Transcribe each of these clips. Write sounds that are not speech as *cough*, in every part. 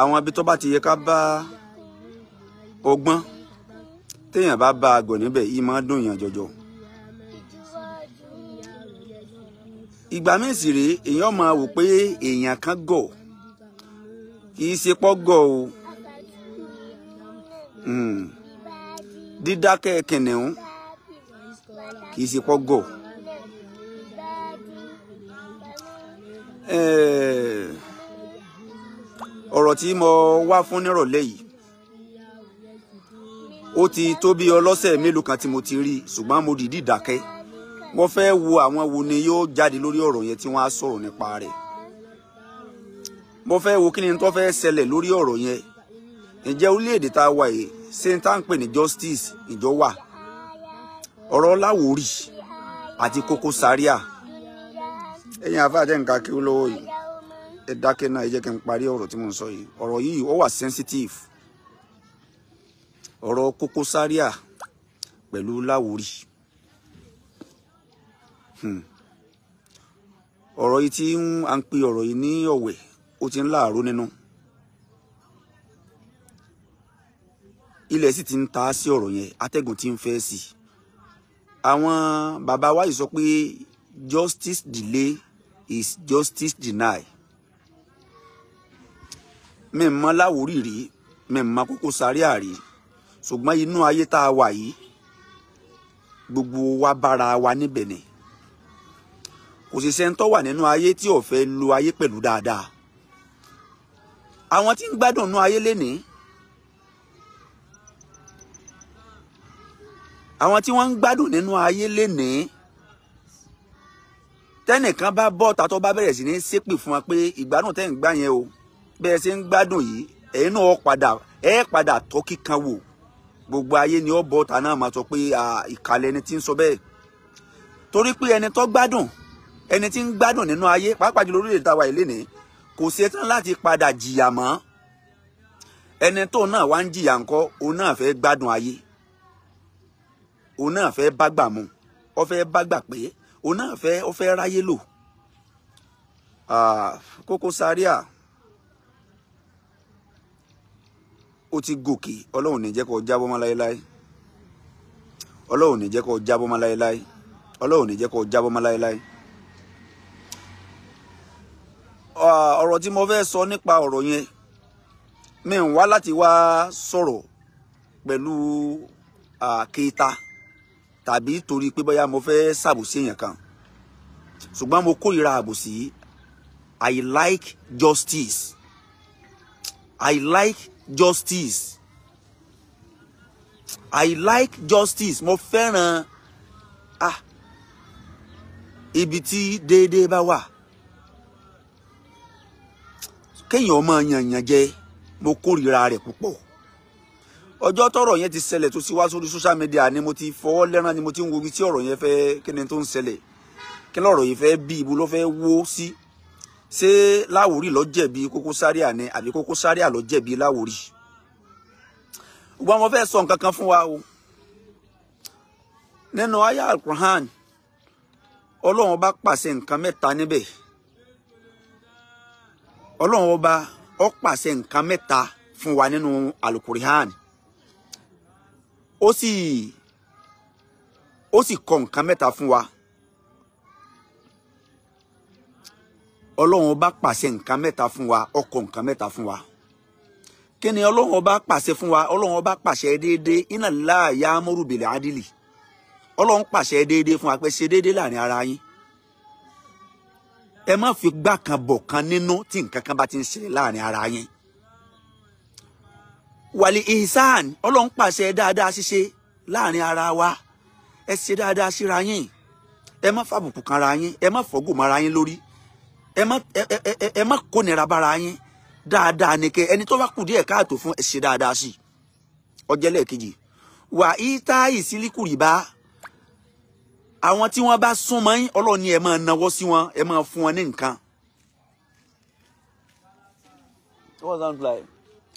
àwọn ibi tó bá ti yẹ ká bá ọgbọ́n téèyàn bá bá agọ̀ níbẹ̀ yìí máa dùn yàn jọjọ. ìgbà míì sì rèé èèyàn máa wò pé èèyàn kan gọ̀ kì í ṣe pọ́ gọ̀ o hmm. dídákẹ́ kẹ̀nẹ̀ún kì í ṣe pọ́ gọ̀. Eh ọ̀rọ̀ tí mo wá fún nírọ̀lẹ́ yìí ó ti tó bí ọlọ́sẹ̀ mélòó kan tí mo ti rí ṣùgbọ́n mo dìídì dákẹ́ mo fẹ́ wo àwọn wo ni yóò jáde lórí ọ̀rọ̀ yẹn tí wọ́n á sọ̀rọ̀ nípa rẹ̀ mo fẹ́ wo kí ni tó fẹ́ ṣẹlẹ̀ lórí ọ̀rọ̀ yẹn ǹjẹ́ orílẹ̀-èdè tá a wà yìí ṣé n tá ń pè ní justice ìjọ wà ọ̀rọ̀ Láwórì àti Koko Zaria ẹ̀yin àfáà nǹkan kí ó lọ́wọ́ yìí ẹ dákẹ́ náà ẹ jẹ́ kí n parí ọ̀rọ̀ tí mo ń sọ yìí ọ̀rọ̀ yìí ó wà sensitive ọ̀rọ̀ Koko Zaria pẹ̀lú Láwórì hmm. ọ̀rọ̀ yìí tí à ń pe ọ̀rọ̀ yìí ní ọ̀wẹ̀ ó ti ń láàárọ̀ nínú ilẹ̀ sì ti ń ta sí ọ̀rọ̀ yẹn atẹ́gùn ti ń fẹ́ sí i àwọn bàbá wa yìí sọ pé justice delay is justice deny mi mọ láwórì rí mi mọ kókó sáríà rí ṣùgbọ́n inú ayé tá a wà yìí gbogbo wa bára wa níbẹ̀ ni kò sì sẹ́ni tó wà nínú ayé tí ò fẹ́ lo ayé pẹ̀lú dáadáa àwọn tí ń gbádùn nú ayé lénìí àwọn tí wọ́n ń gbádùn nínú ayé lénìí tẹ́nìkan bá bọ́ ta bá bẹ̀rẹ̀ sí ní ṣépè fún wa pé ìgbádùn tẹ́ ń gbá yẹn o bẹ́ẹ̀ ṣe ń gbádùn yìí ẹ̀yin náà padà ẹ̀ padà tọ́ kíkan wò gbogbo ayé ni ó bọ́ ta náà máa sọ pé ìkàlẹ̀ ẹni tí ń sọ bẹ́ẹ̀ torí pé ẹni tó gbádùn ẹni tí ń gbádùn nínú ayé pàápàá jùlọ orílẹ̀-èdè tàwa ìlénìí kò ṣe tán láti padà jìyà mọ́ ẹni tó náà wá ń jìyà ńkọ́ òun náà fẹ́ gbádùn ayé òun náà fẹ́ bá gbà mu ó fẹ́ bá gbà pé òun náà fẹ́ ó fẹ́ ráyé lò Koko Zaria. ó ti gòkè ọlọ́run ní jẹ́ kó jábọ́ mọ́ láéláé ọlọ́run ní jẹ́ kó jábọ́ mọ́ láéláé ọlọ́run ní jẹ́ kó jábọ́ mọ́ láéláé. ọ̀rọ̀ tí mo fẹ́ sọ nípa ọ̀rọ̀ yẹn mi ń wá láti wá sọ̀rọ̀ pẹ̀lú kéta tàbí torí pé bóyá mo fẹ́ ṣàbòsí èèyàn kan ṣùgbọ́n mo kórìíra àbòsí I like justice I like justice I like justice mo fẹ́ràn ah ibi tí déédéé bá wà kéèyàn ọmọ yànyàn jẹ mo kórìíra rẹ̀ púpọ̀ ọjọ́ tọ́rọ̀ yẹn ti ṣẹlẹ̀ tó sì sórí social media ni mo ti fọwọ́ lẹ́rán ni mo ti ń wo ibi tí ọ̀rọ̀ yẹn fẹ́ kí ni tó ń ṣẹlẹ̀ kí lọ́rọ̀ yìí fẹ́ bí ibo ló fẹ́ wó sí. Si se láwòrí ló jẹ̀bi Koko Zaria ni àbí Koko Zaria ló jẹ̀bi láwòrí gbogbo àwọn fẹ́ sọ nǹkan kan fún wa o nínú aya alquran ọlọ́run bá pàṣẹ nǹkan mẹ́ta níbẹ̀ ọlọ́run ọba ó pàṣẹ nǹkan mẹ́ta fún wa nínú alquran ó sì ó sì kọ nǹkan mẹ́ta fún wa. ọlọ́run ọba pàṣẹ nǹkan mẹ́ta fún wa ọkọ̀ nǹkan mẹ́ta fún wa kí ni ọlọ́run ọba pàṣẹ fún wa ọlọ́run ọba pàṣẹ déédéé iná láàyà amúrúbìlẹ̀ adìlì ọlọ́run pàṣẹ déédéé fún wa pé ṣe déédéé láàrin ara yín ẹ má fi gbà kan bọ̀ kan nínú tí nǹkan kan bá ti ń ṣẹlẹ̀ láàrin ara yín wàlí ihsan ọlọ́run pàṣẹ dáadáa ṣíṣe láàrin ara wa ẹ ṣe dáadáa síra yín ẹ má fàbùkù kan ara yín ẹ má fọ́gùn mọ́ ara yín lórí ẹ má ẹ ẹ ẹ má kó nira bára yín dáadáa ni kẹ ẹni tó bá kù díẹ̀ káàtó fún ẹ ṣe dáadáa sí i ọjọ́ lẹ́ẹ̀kejì wà á ta ìsílíkùrì bá àwọn tí wọ́n bá súnmọ́ yín ọlọ́run ni ẹ máa nawọ́ sí wọn ẹ máa fún wọn ní nǹkan.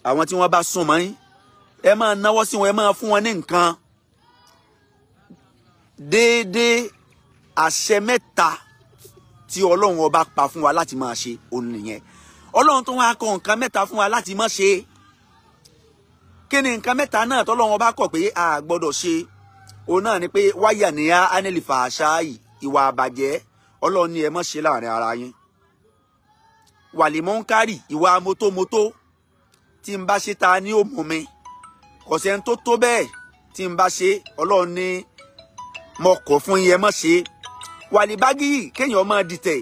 àwọn tí wọ́n bá súnmọ́ yín ẹ máa nawọ́ sí wọn ẹ máa fún wọn ní nǹkan déédéé àṣẹ mẹ́ta tí ọlọ́run ọba pa fún wa láti máa ṣe òun nìyẹn ọlọ́run tó wá kọ nǹkan mẹ́ta fún wa láti máa ṣe kí ni nǹkan mẹ́ta náà tọ́lọ́run ọba kọ̀ pé a gbọ́dọ̀ ṣe òun náà ni pé wáyà níyà ánìlìfà àṣà ìwà àbàjẹ́ ọlọ́run ni ẹ má ṣe láàrin ara yín wàlímọ́ńkárì ìwà motómotó tí n bá ṣe ta ni ó mú mi kọ̀sẹ̀ ń tó tó bẹ́ẹ̀ tí n bá ṣe ọlọ́run ni mo kọ̀ fún yín ẹ ṣe wàlíbágìyì kéèyàn máa dìtẹ̀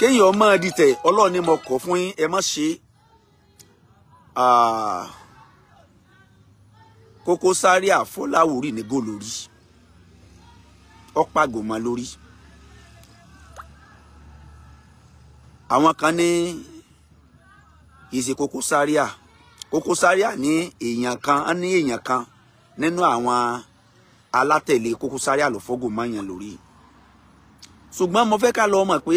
kéèyàn máa dìtẹ̀ ọlọ́run ni mo kọ̀ fún yín ẹ má ṣe Koko Zaria àfọláwùrì ní gòlórí ọ̀pàgòmà lórí àwọn kan ní ìsìn Koko Zaria Koko Zaria ní èèyàn kan ní èèyàn kan nínú àwọn. alátẹ̀lé Kókó Zaria àlòfógò mọ́yàn lórí ṣùgbọ́n mo fẹ́ ká lọ mọ̀ pé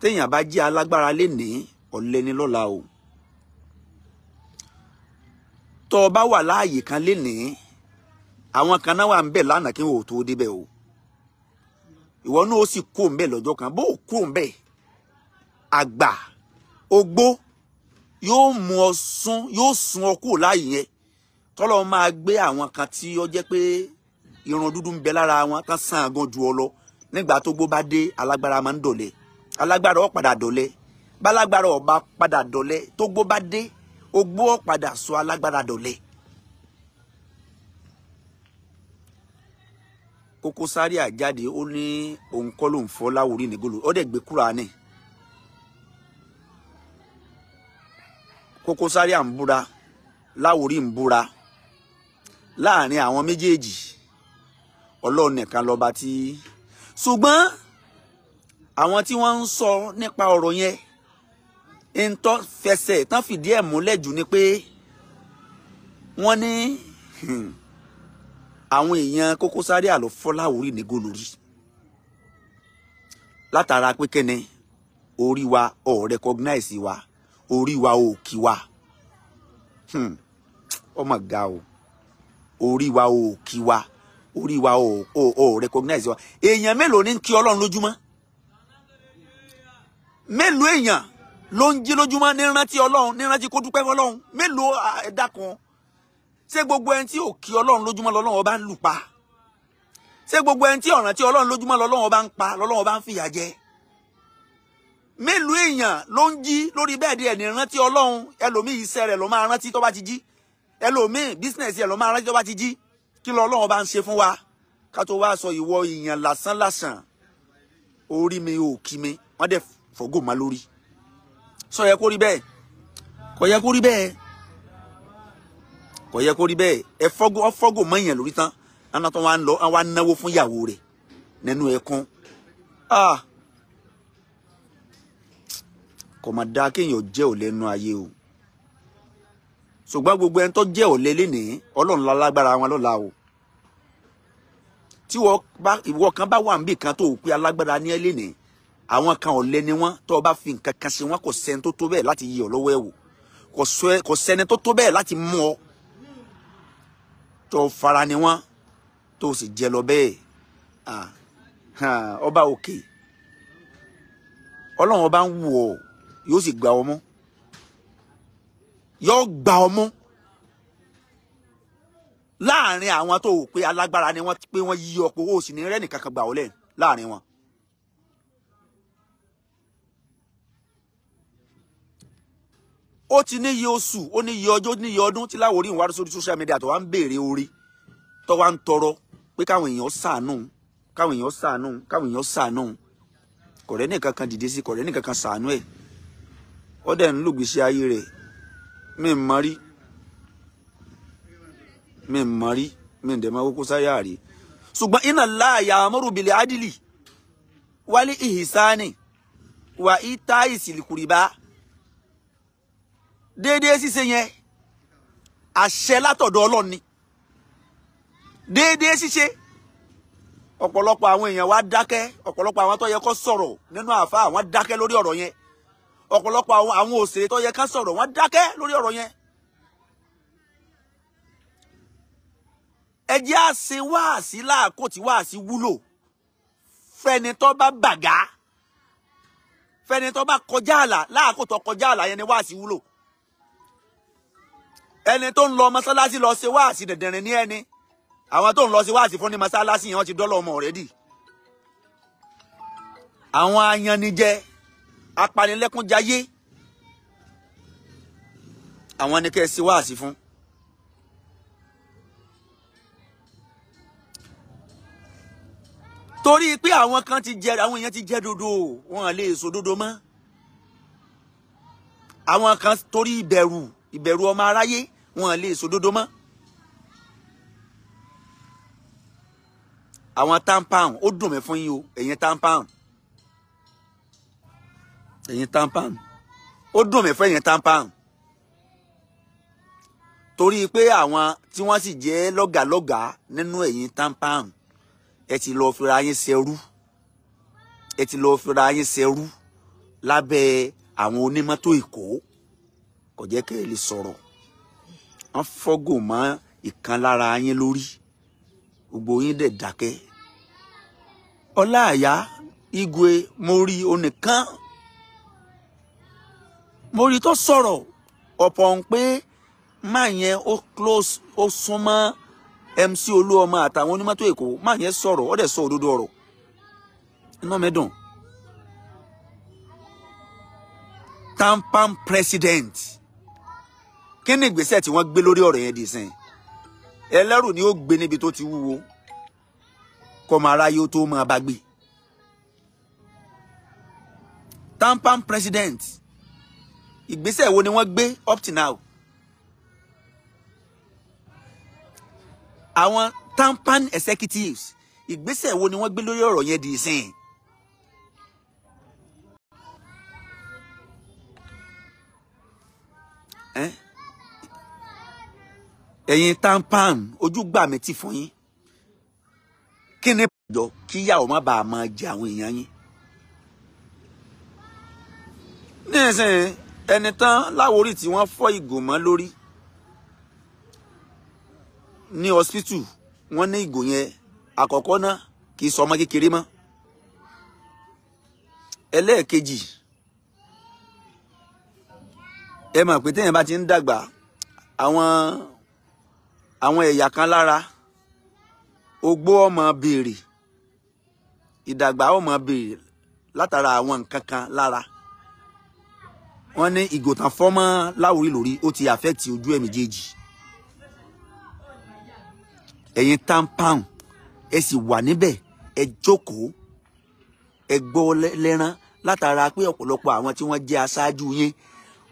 téèyàn bá jí alágbára lénìí ọ̀lẹ lọ́la o tọ́ ọ bá wà láàyè kan lénìí àwọn kan náà wà ń bẹ̀ lánàá kí tó o ìwọ náà ó sì lọ́jọ́ kan bó o kú àgbà ogbó ọ sún ọ kúrò láàyè yẹn tọ́lọ́ máa gbé àwọn kan tí ó jẹ́ pé irun dúdú ń bẹ lára wọn tán sàn gan ju ọ lọ nígbà tó gbó bá dé alágbára máa ń dọ̀lẹ́ alágbára ó padà dọ̀lẹ́ bálágbára ó bá padà dọ̀lẹ́ tó gbó bá dé ogbó ó padà sọ alágbára dọ̀lẹ́. Koko Zaria jáde ó ní òun kọ́ ló ń fọ́ láwùrí nígbòlò ó dẹ̀ gbé Kùránì. Koko Zaria ń búra láwùrí ń búra láàrin àwọn méjèèjì ọlọ́run nìkan lọ́ba tí ṣùgbọ́n àwọn tí wọ́n ń sọ nípa ọ̀rọ̀ yẹn ń tọ́ fẹsẹ̀ tán fìdí ẹ̀ múlẹ̀ jù ni pé wọ́n ní hmm, àwọn èèyàn Koko Zaria ló fọ́ Láwórì ní gólórí látara pé kẹ́ni orí wa ò recognize wa orí wa ò kí wa ọmọ hmm, ga o orí wa ò kí wa orí wa ò ò ò recognize wa èèyàn mélòó ní kí ọlọ́run lójúmọ́ mélòó èèyàn ló ń jí lójúmọ́ ní rántí ọlọ́run ní rántí kó dúpẹ́ fọlọ́run mélòó ẹ̀dá kan ṣé gbogbo ẹni tí ò kí ọlọ́run lójúmọ́ lọ́lọ́run ọba ń lù pa ṣé gbogbo ẹni tí ọ̀ràn tí ọlọ́run lójúmọ́ lọ́lọ́run ọba ń pa lọ́lọ́run ọba ń fìyà jẹ mélòó èèyàn ló ń jí lórí bẹ́ẹ̀dì ẹ̀ ní rántí ọlọ́run ẹlòmíì iṣẹ́ rẹ̀ ló máa rántí tó bá ti jí ẹlòmíì bísínẹsì ẹ lọ máa rájọ bá ti jí kí lọ Ọlọ́run bá ń ṣe fún wa ká tó wá sọ ìwọ ìyàn lásán lásán orí mi ò kí mi wọn dẹ fọgò má lórí sọ yẹ kó rí bẹ́ẹ̀ kò yẹ kó rí bẹ́ẹ̀ kò yẹ kó rí bẹ́ẹ̀ ẹ fọgò ọ fọgò mọ ìyàn lórí tán àná tó wá ń lọ àwa náwó fún ìyàwó rẹ̀ nínú ẹkún kò mà dáa kéèyàn jẹ́ òlẹ́nu ayé o ṣùgbọ́n gbogbo ẹni tó jẹ́ ọ̀lẹ lénìí ọlọ́run la lágbára wọn lọ́la o tí ìwọ kan bá wà níbì kan tó o pé alágbára ní ẹ lénìí àwọn kan ọ̀lẹ ni wọ́n tó o bá fi nǹkan kan ṣe wọ́n kò sẹ́ni tó tó bẹ́ẹ̀ láti yí ọ lọ́wọ́ ẹ̀ wò kò sẹ́ni tó tó bẹ́ẹ̀ láti mú ọ tó fara ni wọ́n tó sì jẹ lọ bẹ́ẹ̀ ọba òkè ọlọ́run ọba ń wù ọ yóò sì gbà ọ mọ́. yóò gba ọmú láàrin àwọn tó wò pé alágbára ni wọ́n pé wọ́n yí ọ̀pọ̀ owó sì ní rẹ́nì kankan gbà ọ́lẹ̀ láàrin wọn. ó ti níye oṣù ó níye ọjọ́ ó níye ọdún tí Láwòrí ìwádìí sórí social media tó wá ń béèrè orí tó wá ń tọrọ pé káwọn èèyàn ṣàánú káwọn èèyàn ṣàánú káwọn èèyàn ṣàánú kọ̀rẹ́ nìkan kan dìde sí kọ̀rẹ́ nìkan kan ṣàánú ẹ̀ ó ń lògbèsè ayé rẹ̀ mi ń mọrí mi ń mọrí mi ń dẹ̀mọ́ kókó sáyà rí ṣùgbọ́n iná láàyà amúrùbìlẹ̀ adìlì wálé ìhìsáni wà ìta ìsìlìkùrìbá déédéé ṣíṣe yẹn àṣẹ látọ̀dọ̀ ọlọ́ni déédéé ṣíṣe ọ̀pọ̀lọpọ̀ àwọn èèyàn wá dákẹ́ ọ̀pọ̀lọpọ̀ àwọn tó yẹ kó sọ̀rọ̀ nínú àáfàá àwọn dákẹ́ lórí ọ̀rọ̀ yẹn ọ̀pọ̀lọpọ̀ àwọn àwọn òṣèré tó yẹ ká sọ̀rọ̀ wọ́n dákẹ́ lórí ọ̀rọ̀ yẹn ẹ jẹ́ á ṣe wáàsí láàkó tí wáàsí wúlò fẹ́ni tó bá bàgá fẹ́ni tó bá kọjá àlà láàkó tó kọjá àlà yẹn ni wáàsí wúlò ẹni tó ń lọ mọ́sálásí lọ ṣe wáàsí dẹ̀dẹ̀rin ní ẹni àwọn tó ń lọ ṣe wáàsí fún ní mọ́sálásí yẹn wọ́n ti dọ́lọ́ ọmọ rẹ̀ àwọn ayanijẹ́ apanilẹ́kúnjayé àwọn ni kẹ́ ẹ ṣe wáàsí fún. torí pé àwọn kan ti jẹ àwọn èèyàn ti jẹ dodo wọn lè sọ dodo mọ́ àwọn kan torí ìbẹ̀rù ìbẹ̀rù ọmọ aráyé wọn lè sọ dodo mọ́. àwọn tampan ó dùn mí fún yín o ẹ̀yin tampan ẹ̀yin tampan ó dùn mí fẹ́yìn tampan torí pé àwọn tí wọ́n sì jẹ́ lọ́gàlọ́gà nínú ẹ̀yin tampan ẹ ti lọ́ọ́ fira yín ṣerú ẹ ti lọ́ọ́ fira yín ṣerú lábẹ́ àwọn onímọ́tò èkó kò jẹ́ kẹ́ ẹ lè sọ̀rọ̀ wọ́n fọ́gò mọ́ ìkan lára yín lórí gbogbo yín dẹ̀ dákẹ́ ọláàyá igwe mórí onìkan mo rí tó sọ̀rọ̀ ọ̀pọ̀ ń pé máa yẹn ó close ó súnmọ́ MC Olúọmọ àtàwọn onímọ́tò Èkó máa yẹn sọ̀rọ̀ ó dẹ̀ sọ òdodo ọ̀rọ̀ iná mi tampan president kí ni ìgbésẹ̀ tí wọ́n gbé lórí ọ̀rọ̀ yẹn dì sìn ẹlẹ́rù ni ó gbé níbi tó ti wúwo kọmọ aráyé ó tó máa bá gbé tampan president ìgbésẹ̀ wo ni wọ́n gbé up to now àwọn tampan executives ìgbésẹ̀ wo ni wọ́n gbé lórí ọ̀rọ̀ yẹn di ìsìn. ẹ̀yin tampan ojú gbà mí ti fún yín kí ni ìjọ kí yàwó má bàa máa jẹ àwọn èèyàn yín. nísìnyí ẹni tán láwórì tí wọ́n fọ́ ìgò lórí ní hospital wọ́n ní ìgò yẹn àkọ́kọ́ náà kì í sọ ọmọ kékeré mọ́ ẹlẹ́ẹ̀kejì ẹ mọ̀ pé téèyàn bá ti ń dàgbà àwọn àwọn ẹ̀yà kan lára ogbó ọmọ béèrè ìdàgbà ọmọ béèrè látara àwọn nǹkan kan lára wọ́n ní ìgòtàn fọ́mọ́ láwùrí lórí ó ti affect ojú ẹ̀ méjèèjì ẹ̀yin tampan ẹ sì wà níbẹ̀ ẹ jókòó ẹ gbọ́ lẹ́rán látara pé ọ̀pọ̀lọpọ̀ àwọn tí wọ́n jẹ́ aṣáájú yín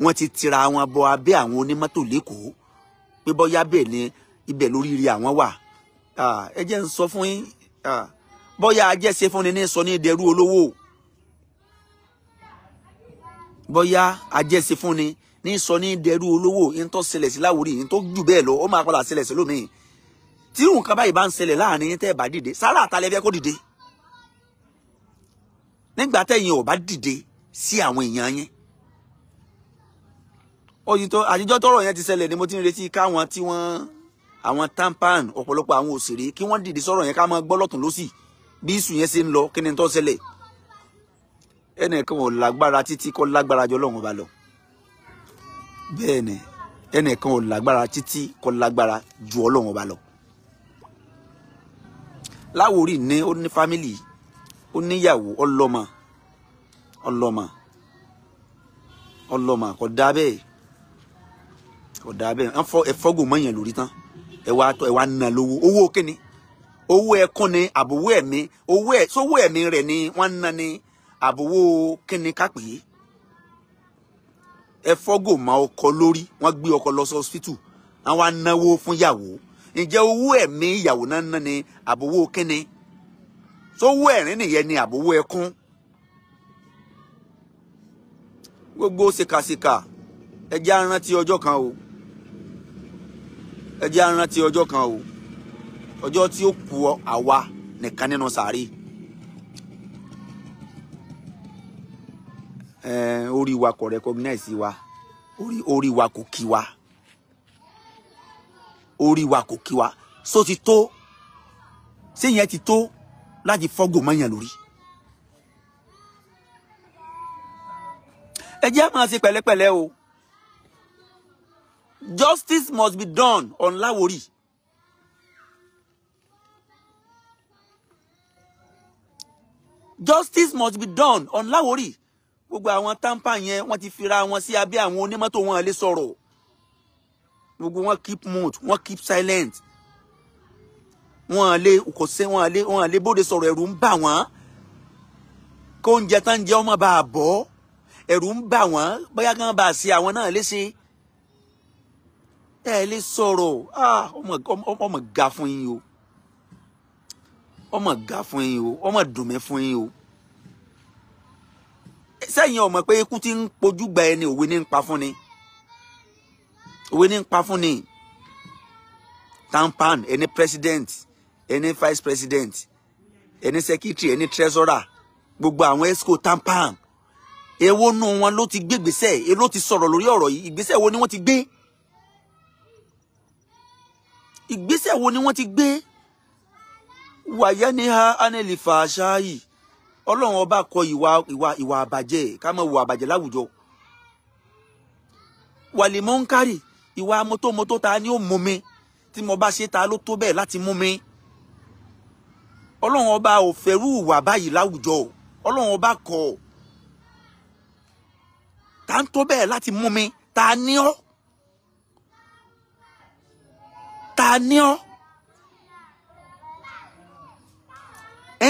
wọ́n ti tira wọn bọ abẹ́ àwọn onímọ́tò lẹ́kọ̀ọ́ pé bọ́yá bẹ́ẹ̀ ni ibẹ̀ lóríire àwọn wà ẹ jẹ́ ń sọ fún yín bọ́yá ajẹ́ ṣe fúnni ní sọ ní ìdẹ̀rú olówó bóyá ajẹ́sí fún ni ní sọ ní dẹrú olówó yín tó ṣẹlẹ̀ sí láwùrí yín tó jù bẹ́ẹ̀ lọ ó máa padà ṣẹlẹ̀ sí lómìn tí nǹkan báyìí bá ń ṣẹlẹ̀ láàrin yín tẹ́ ẹ̀ bá dìde sára àtàlẹ́ fẹ́ kó dìde nígbà tẹ́yìn ò bá dìde sí àwọn èèyàn yín òyìntọ́ àtijọ́ tọ́rọ̀ yẹn ti ṣẹlẹ̀ ni mo ti ń retí káwọn tí wọ́n àwọn tampan ọ̀pọ̀lọpọ̀ àwọn òṣèré kí wọ́n dìde sọ̀rọ̀ yẹn ká máa gbọ́ lọ́tún lọ́sì bí ìsù yẹn ṣe ń lọ kí ni tó ṣẹlẹ̀ ẹnìkan ò lágbára títí kó lágbára jọ lọ́wọ́n ba lọ bẹ́ẹ̀ ni ẹnìkan ò lágbára títí kó lágbára ju ọlọ́wọ́n ba lọ. Láwórì ní ó ní fámìlì ó níyàwó ọlọ́mọ ọlọ́mọ ọlọ́mọ kò dáa bẹ́ẹ̀ kò dáa bẹ́ẹ̀ ẹ̀fọ́gùn mọ̀yàn lórí tán ẹ wá tọ nà lówó owó kíni owó ẹkún ni àbòwó ẹ̀mí owó ẹ̀ sówó ẹ̀mí rẹ̀ ni wọ́n nà ni àbówó kíni kápè ẹ fọ́gò mọ ọkọ lórí wọ́n gbé ọkọ lọ sọ́sítù àwọn anáwó fún yàwó ǹjẹ́ owó ẹ̀mí ìyàwó náà ń ná ni àbówó kíni sówó ẹ̀rín nìyẹn ni àbówó ẹkún gbogbo ṣìkàṣìkà ẹ jẹ́ á rántí ọjọ́ kan o ẹ jẹ́ á rántí kan o ọjọ́ tí ó kù àwa nìkan nínú sàárè. Eh, orí wa kò recognize wa orí orí wa kò kí wa orí wa kò kí wa so ti tó séyẹn ti tó láti fọ́gò mọ́yàn lórí. ẹ jẹ́ máa ṣe pẹ̀lẹ́pẹ̀lẹ́ o justice must be done on Láwórì. justice must be done on Láwórì gbogbo àwọn táǹpà yẹn wọ́n ti fira wọn sí abẹ́ àwọn onímọ́tò wọn lè sọ̀rọ̀ gbogbo wọn keep mute wọn keep silent wọn lè kò sí wọn lè wọn lè bóde sọ̀rọ̀ ẹ̀rù ń bà wọ́n kó oúnjẹ tán jẹ́ ọmọ bá a bọ́ ẹ̀rù ń bà wọ́n bóyá kí wọ́n bá a ṣe àwọn náà léṣe ẹ lè sọ̀rọ̀ ah, ọmọ ga fún yín o ọmọ ga fún yín o ọmọ dùnmẹ́ fún yín o sẹ́yìn ọmọ pé ikú ti ń pojú gba ẹni òwe ní ń pa fún ni òwe ní ń pa fún ni tampan ẹni president ẹni vice president ẹni secretary ẹni treasurer gbogbo àwọn esco tampan Ewo nu wọn ló ti gbé gbèsè èwo ló ti sọ̀rọ̀ lórí ọ̀rọ̀ yìí ìgbésẹ̀ wo ni wọ́n ti gbé ìgbésẹ̀ wo ni wọ́n ti gbé wàyẹ́ni ha anẹ́lì fàṣáyì ọlọ́run ọba kọ ìwà ìwà ìwà àbàjẹ́ ká má wo àbàjẹ́ láwùjọ wàlímọ́ ń kárì ìwà mọ́tòmọ́tò ta ni ó mú mi tí mo bá ṣe ta ló tó bẹ́ẹ̀ láti mú mi ọlọ́run ọba ò fẹ́rú ìwà báyìí láwùjọ ọlọ́run ọba kọ ta ń tó bẹ́ẹ̀ láti mú mi ta ni ọ́ ta ni ọ́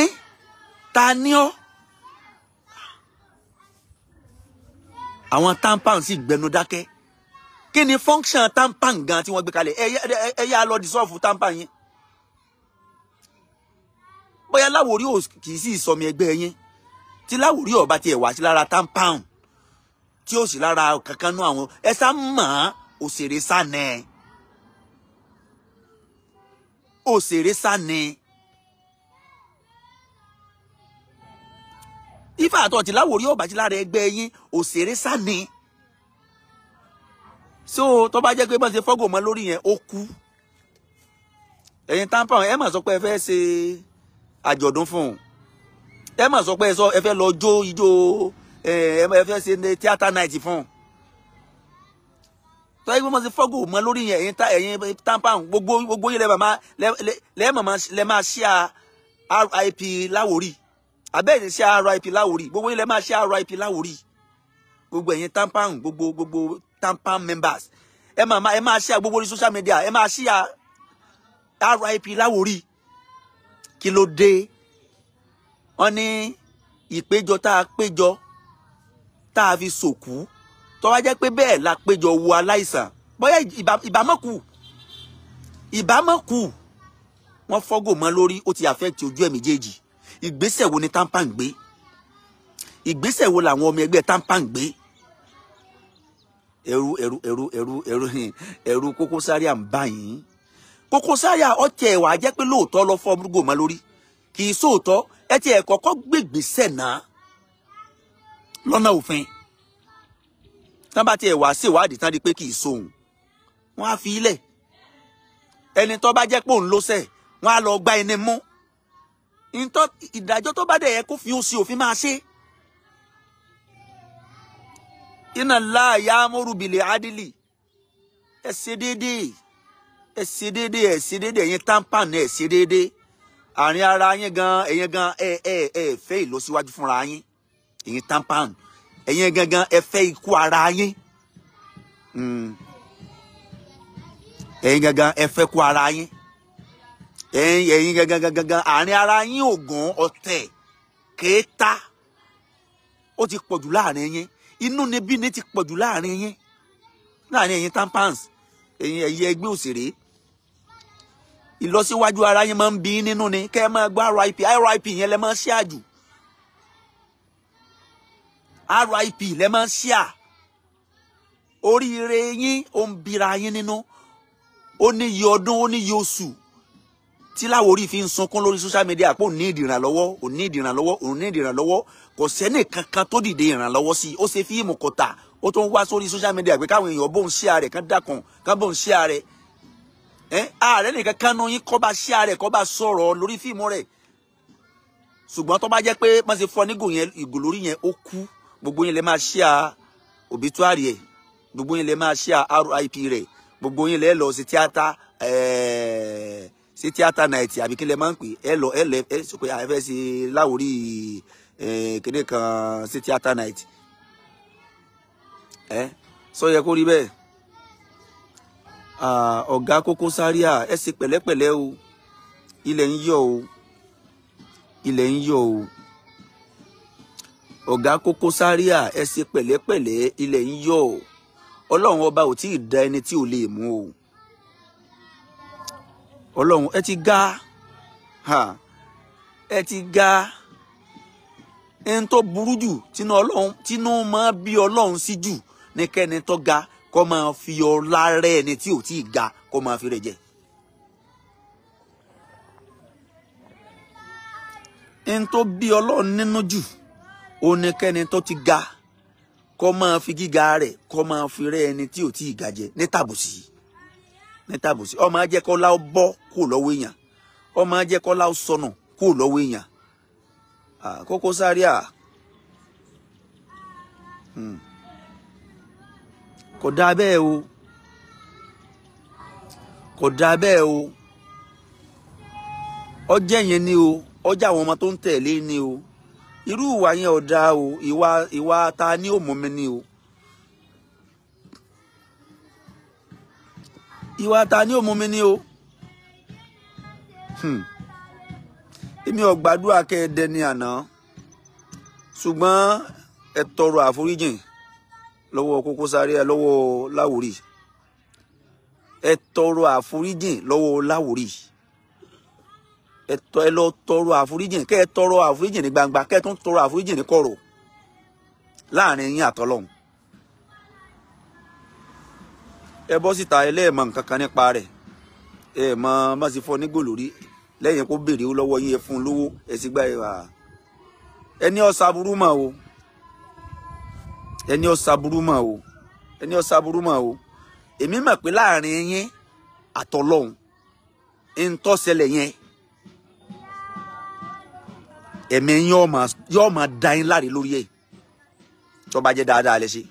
Eh? ta ni ọ́ àwọn tampan sì gbẹnu dákẹ́ kí ni function tampan gan tí wọ́n gbé kalẹ̀ ẹ yá lọ dissolve tampan yẹn bóyá láwòrí ò kì í sì sọmi ẹgbẹ́ yẹn tí láwòrí ọba tiẹ̀ wá sí lára tampan tí ó sì lára kankan nú àwọn ẹ sá mọ̀ òṣèré sá nẹ òṣèré sá nẹ. ifá àtọ̀tì láwòrí ọ̀bàjì lára ẹgbẹ́ yín òṣèré sani so tó bá jẹ́ pé bọ́n ṣe fọ́gò mọ́ lórí yẹn ó kú ẹ̀yin tampa ẹ mà sọ pé ẹ fẹ́ ṣe àjọ̀dún fún un ẹ mà sọ pé ẹ fẹ́ lọ jó ijó ẹ fẹ́ ṣe tíátà náìtì fún un tó yẹ kí wọ́n ṣe fọ́gò mọ́ lórí yẹn ẹ̀yin tampa gbogbo yẹn lẹ́ẹ̀ máa ṣíà RIP láwòrí abẹ́ẹ̀ni ṣe RIP Láwòrí gbogbo ilẹ̀ máa ṣe RIP Láwòrí gbogbo ẹ̀yin tampan gbogbo gbogbo tampan members ẹ máa ẹ máa ṣe gbogbo orí social media ẹ máa ṣe RIP Láwòrí kí ló dé wọ́n ní ìpéjọ tá a péjọ tá a fi sòkú tó wá jẹ́ pé bẹ́ẹ̀ la péjọ wo aláìsàn bóyá ìbámọ́kù ìbámọ́kù wọ́n fọ́gò mọ́ lórí ó ti affect ojú ẹ̀ méjèèjì ìgbésẹ̀ wo ni tampa ń gbé ìgbésẹ̀ wo làwọn ọmọ ẹgbẹ́ tampa ń gbé ẹrú ẹrú ẹrú ẹrú ẹrú ẹrú Koko Zaria ń bá yín Koko Zaria ọtí ẹwà jẹ́ pé lóòótọ́ lọ fọ ọmọdúgbò má lórí kì í sóòótọ́ ẹ ti ẹ kọ́kọ́ gbègbèsẹ̀ náà lọ́nà òfin tán bá ti ẹ wá ṣèwádìí tán di pé kì í sóhun wọ́n á fi ilẹ̀ ẹni tó bá jẹ́ pé òun ló ṣẹ̀ wọ́n á lọ gbá ẹni mú ìdájọ́ tó bá dẹ̀ yẹ kó fi òsì òfin máa ṣe. iná láàyè amórúbìlẹ̀ adìlì ẹ ṣe déédéé ẹ ṣe déédéé ẹ ṣe déédéé ẹ̀yin tampan ẹ ṣe déédéé àárín ara yín gan ẹ̀yin gan ẹ ẹ ẹ fẹ́ ìlọsíwájú fúnra yín ẹ̀yin tampan ẹ̀yin gangan ẹ fẹ́ ikú ara yín hmm. ẹ̀yin gangan ẹ fẹ́ kú ara yín ẹ̀yin ẹ̀yin gangan gangan gangan àárín ara yín ògàn ọ̀tẹ̀ kéétà ó ti pọ̀jù láàrin yín inú níbí ni ti pọ̀jù láàrin yín láàrin ẹ̀yin tampons ẹ̀yin ẹ̀yẹ ẹgbẹ́ òṣèré ìlọsíwájú ara yín máa ń bí nínú ni kẹ́ ẹ máa gbọ́ RIP RIP yẹn lẹ máa ń ṣe àjù RIP lẹ máa ń ṣe à oríire yín ó ń bira yín nínú ó níye ọdún ó níye oṣù tí Láwòrí fi ń sunkún lórí social media pé òun ní ìdìrànlọ́wọ́ òun ní ìdìrànlọ́wọ́ òun ní ìdìrànlọ́wọ́ kò sẹ́ni kankan tó dìde ìrànlọ́wọ́ sí i ó ṣe fíìmù kọta ó tún wá sórí social media pé káwọn èèyàn bóun ṣíà rẹ̀ kán dákun kán bóun ṣíà rẹ̀ ẹ́ ààrẹ nìkan kan nu yín kọ́ bá ṣíà rẹ̀ kọ́ bá sọ̀rọ̀ lórí fíìmù rẹ̀ ṣùgbọ́n tó bá jẹ́ pé wọ́n ṣe fọ́ nígò yẹn ìgò lórí yẹn ó kú gbogbo yín lè máa ṣíà òbítúárì ẹ̀ gbogbo yín lè máa ṣíà RIP rẹ̀ gbogbo yín lè lọ sí tíátà ẹ̀ẹ́ sí tíátà náìtì àbí kí lẹ máa ń pè ẹ lọ ẹ lẹ ẹ sọ pé àfẹ́ ṣe láwórí kéde kan sí tíátà náìtì ẹ sọ yẹ kó rí bẹ́ẹ̀ ọ̀gá Koko Zaria ẹ ṣe pẹ̀lẹ́pẹ̀lẹ́ o ilẹ̀ ń yọ̀ o ilẹ̀ ń yọ̀ o ọ̀gá Koko Zaria ẹ ṣe pẹ̀lẹ́pẹ̀lẹ́ ilẹ̀ ń yọ̀ o ọlọ́run ọba ò tí ì da ẹni tí ò lè mú o ọlọ́run ẹ ti ga ẹ ti ga ẹn tó burú jù tínú ọlọ́run tínú máa bí ọlọ́run sí jù ní tó ga kó máa fi ọlá rẹ̀ ẹni tí ò tí ì ga kó máa fi rẹ̀ jẹ. ẹn tó bí ọlọ́run nínú jù oníkẹ́ni tó ti ga kó máa fi gíga rẹ̀ kó máa fi rẹ̀ ẹni tí ò tí ì ga jẹ ní tàbùsì yìí. ni tabu si o ma je ko la bo ku lowo eyan o ma je ko la sonu ku lowo eyan ah koko saria hmm ko da be o ko da o o je yen ni o o ja won mo to n tele ni o iru iwa yen o o iwa iwa ta ni o ni o ìwà ta ni òmù mi ni o hmm. èmi ò gbàdúrà kẹ ẹ dẹni àná ṣùgbọ́n ẹ tọrọ àforíjìn lọ́wọ́ Koko Zaria lọ́wọ́ Láwòrì ẹ tọrọ àforíjìn lọ́wọ́ Láwòrì ẹ lọ tọrọ àforíjìn kẹ ẹ tọrọ àforíjìn ní gbangba kẹ ẹ tún tọrọ àforíjìn ní kọ̀rọ̀ láàrin yín àtọlọ́hun ẹ bọ́ síta ẹ lẹ́ẹ̀mọ nǹkan kan nípa rẹ̀ ẹ mọ má sì fọ nígò lórí lẹ́yìn kó béèrè lọ́wọ́ yín ẹ fún un lówó ẹ sì gbá ẹ wà ẹni ọ̀sà burú mọ̀ o ẹni ọ̀sà burú mọ̀ o ẹni ọ̀sà burú mọ̀ o èmi mọ̀ pé láàrin yín àtọlọ́hun ń tó yẹn ẹ̀mí yín yóò máa da yín láre lórí ẹ̀ tó bá jẹ́ dáadáa lẹ ṣe.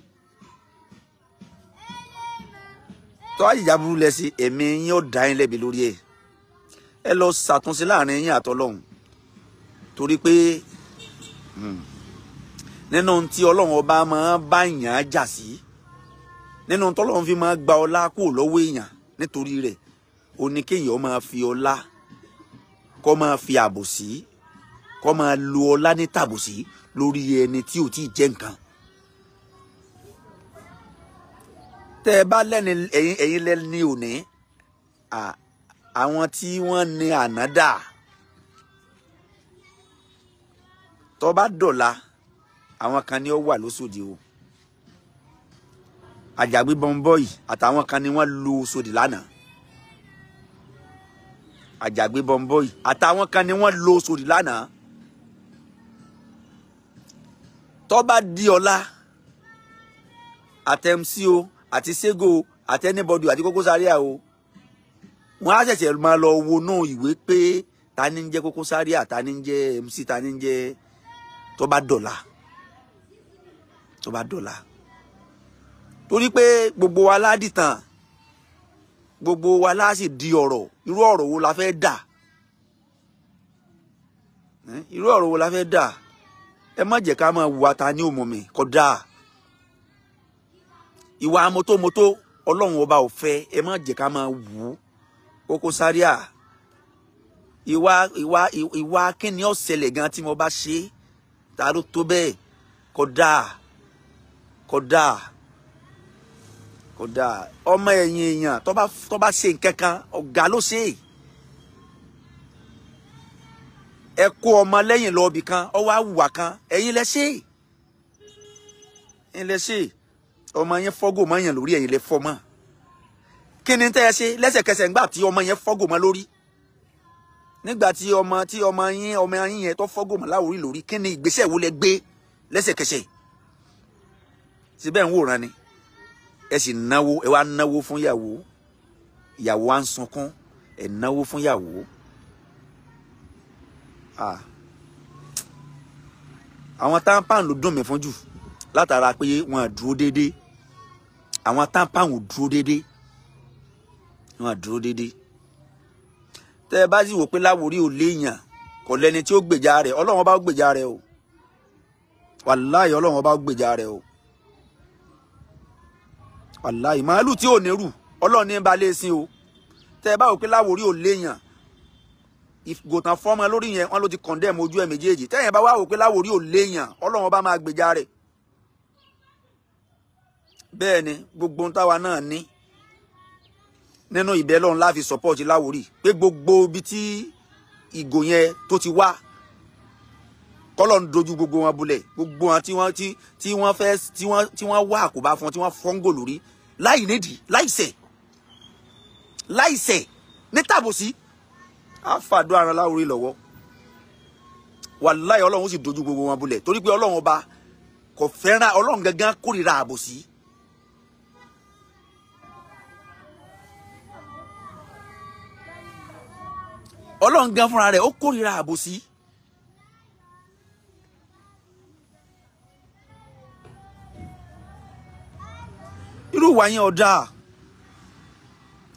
tó àyíjà burú lẹ sí ẹ̀mí yín ó dá yín lẹ́bi lórí ẹ̀ ẹ lọ ṣàtúnṣe láàrin yín àtọlọ́hun torí pé hmm, nínú tí ọlọ́run ọba máa bá yàn á jà sí nínú tọ́lọ́run fi máa gba ọlá kúrò lọ́wọ́ èèyàn nítorí rẹ̀ oníkéèyàn máa fi ọlá kó máa fi àbòsí kó máa lo ọlá ní tàbòsí lórí ẹni tí ò tí ì nǹkan tẹ́ ẹ bá lẹ́ni ẹ̀yin ẹ̀yin lẹ́ni òní àwọn tí wọ́n ní ànádà tó bá dọ̀la àwọn kan ni ó wà lóṣòdì o àjàgbé bọ́ńbọ́ì àtàwọn kan ni wọ́n lu Òṣòdì lánàá àjàgbé bọ́ńbọ́ì àtàwọn kan ni wọ́n lu Òṣòdì lánàá tó bá di ọ̀la àtẹ̀msí o àti Sego àti anybody àti Koko Zaria o wọn á ṣẹ̀ṣẹ̀ máa lọ wo náà ìwé pé ta ni ń jẹ́ Koko Zaria ta ni ń jẹ́ MC ta ni ń jẹ́ tó bá dọ̀la tó bá dọ̀la torí pé gbogbo wa ládìtàn gbogbo wa la sì di ọ̀rọ̀ irú ọ̀rọ̀ wo la fẹ́ dà irú ọ̀rọ̀ wo la fẹ́ dà ẹ má jẹ́ ká máa wù ata ní òmùmí kódà ìwà mọ́tòmọ́tò ọlọ́run ọba ò fẹ́ ẹ má jẹ́ ká máa wù ú Koko Zaria ìwà ìwà ìwà kíni ọ̀sẹ̀lẹ̀ gan tí mo bá ṣe ta ló tó bẹ́ẹ̀ kódà kódà kódà ọmọ ẹ̀yìn èèyàn tó bá tó bá ṣe nǹkan kan ọ̀gá ló ṣe é ẹ kó ọmọ lẹ́yìn lọ́ọ̀bì kan ọwọ́ àwùwà kan ẹ̀yin lẹ ṣe ẹ̀yin ọmọ yẹn fọ́gò mọ́ yẹn lórí ẹ̀yìn lè fọ́ mọ́ kí ni tẹ́ ẹ ṣe lẹ́sẹ̀kẹsẹ̀ ńgbà tí ọmọ yẹn fọ́gò mọ́ lórí nígbà tí ọmọ tí ọmọ yín ọmọ yín yẹn tó fọ́gò mọ́ láwòrí lórí kí ni ìgbésẹ̀ wo lẹ gbé lẹ́sẹ̀kẹsẹ̀ síbẹ̀ ń wòran ni ẹ sì náwó ẹ wá náwó fún yàwó ìyàwó wa ń sunkún ẹ náwó fún yàwó àwọn táǹpà ló dùn mí fún jù látara pé wọn dúró déédéé àwọn táǹpáwọn dúró déédéé wọn dúró déédéé tẹ ẹ bá sì wò pé láwòrí ò léèyàn kò lẹni tí ó gbèjà rẹ ọlọ́run ọba ó gbèjà rẹ o wàláì ọlọ́run ọba ó gbèjà rẹ o wàláì màálù tí ò nírù ọlọ́run ní bá lè e o tẹ ẹ bá wò pé láwòrí ò léèyàn ìgòtàn fọmọ lórí yẹn wọn ló ti kọ̀ndẹ́ẹ̀mù ojú ẹ̀ méjèèjì tẹ́yìn bá wà wò pé láwòrí ò léèyàn ọlọ́run ọba máa gbèjà rẹ̀ bẹ́ẹ̀ ni gbogbo ohun táwa náà ní nínú ìbẹ́ lọ́run láfi support láwórì pé gbogbo ibi tí ìgò yẹn tó ti wá kọ́lọ̀ ń dojú gbogbo wọn bulẹ̀ gbogbo wọn tí wọ́n tí tí wọ́n fẹ́ tí wọ́n tí wọ́n wá àkóbá fún tí wọ́n fọ́ngò lórí láì nídìí láìṣẹ̀ láìṣẹ̀ ní tàbòsí á ara láwórì lọ́wọ́ wàláì ọlọ́run sì dojú gbogbo wọn bulẹ̀ torí pé ọlọ́run ọba kò fẹ́ràn ọlọ́run gangan kórìíra àbòsí ọlọ́run gan fúnra rẹ̀ ó kórìíra àbòsí. irú ìwà yẹn ọ̀dà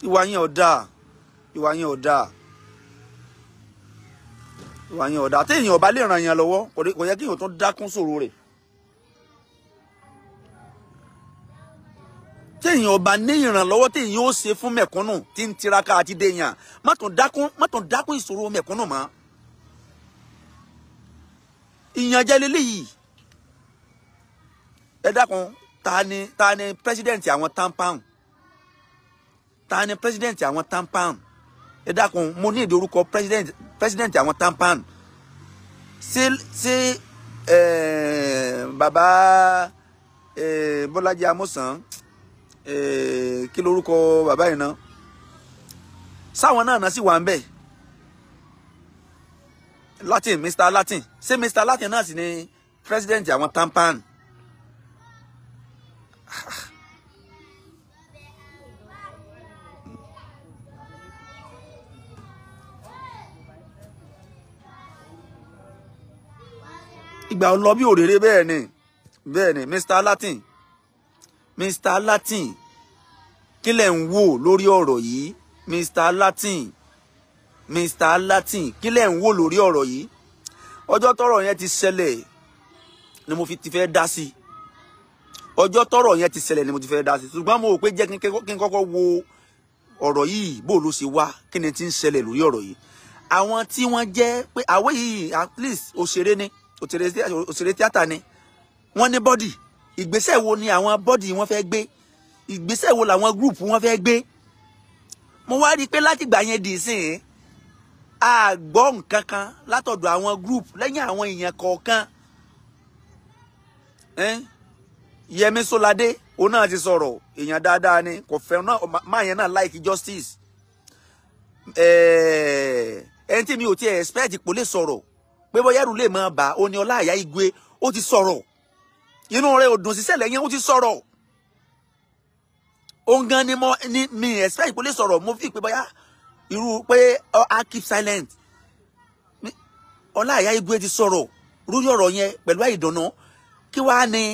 ìwà yẹn ọ̀dà ìwà yẹn ọ̀dà ìwà yẹn ọ̀dà àtẹ̀yìn ọba lè ràn yẹn lọ́wọ́ kò yẹ kí èèyàn tó dákún sọ̀rọ̀ rẹ̀. téèyàn ọba ní ìrànlọ́wọ́ téèyàn ó ṣe fún mẹ̀kúnnù tí ń tiraka àti déèyàn má tún dákún má tún dákún ìṣòro mẹ̀kúnnù mọ́ ìyànjẹ lélẹ́yìí ẹ dákun ta ni ta ni president àwọn tampan ta ni president àwọn tampan ẹ dákun mo ní ìdórúkọ president president àwọn tampan ṣé ṣé ẹ eh, bàbá ẹ eh, Bọ́lájí Amósàn. Eh, kí lorúkọ bàbá yìí náà sáwọn náà náà sì wà ń bẹ̀ Latin Mr Latin ṣé Mr Latin náà sì ni president àwọn tampan ìgbà ọlọ bí òrèrè bẹ́ẹ̀ ni bẹ́ẹ̀ ni Mr Latin Mr. Latin kí lẹ̀ ń wò lórí ọ̀rọ̀ yìí Mr. Latin Mr. Latin kí lẹ̀ ń wò lórí ọ̀rọ̀ yìí ọjọ́ tọ́rọ̀ yẹn ti ṣẹlẹ̀ ni mo fi ti fẹ́ dá sí ọjọ́ tọ́rọ̀ yẹn ti ṣẹlẹ̀ ni mo ti fẹ́ dá sí ṣùgbọ́n mo rò pé jẹ́ kí n kọ́kọ́ wo ọ̀rọ̀ yìí bó ló ṣe wá kí ni ti ń ṣẹlẹ̀ lórí ọ̀rọ̀ yìí àwọn tí wọ́n jẹ́ pé àwẹ̀ yìí at least òṣèré ni òṣèré tíátà ni wọ́n ní bọ́dì ìgbésẹ̀ wo ni àwọn bọ́dì wọn fẹ́ gbé ìgbésẹ̀ wo làwọn gúrùpù wọn fẹ́ gbé mo wá rí i pé láti gbà yẹn dì í sìn ín a gbọ́ nǹkan kan látọ̀dọ̀ àwọn gúrùpù lẹ́yìn àwọn èèyàn kọ̀ọ̀kan Yẹmí Sọládé òun náà ti sọ̀rọ̀ èèyàn dáadáa ni kò fẹ́ máa yẹn náà like justice ẹni tí mi ò tiẹ̀ expect kò lè sọ̀rọ̀ pé bóyá ẹrù lè máa bà ó ní Ọláìyá Igwe ó ti sọ̀rọ̀ inú rẹ̀ ò dùn sí ṣẹlẹ̀ yẹn ó ti sọ̀rọ̀ òun gan ni mo ni mi expect pé lè sọ̀rọ̀ mo fi pé bóyá irú pé I keep silent ọlá àyà igun ti sọ̀rọ̀ rúyọ̀ ọ̀rọ̀ yẹn pẹ̀lú àìdùnnú kí wàá ní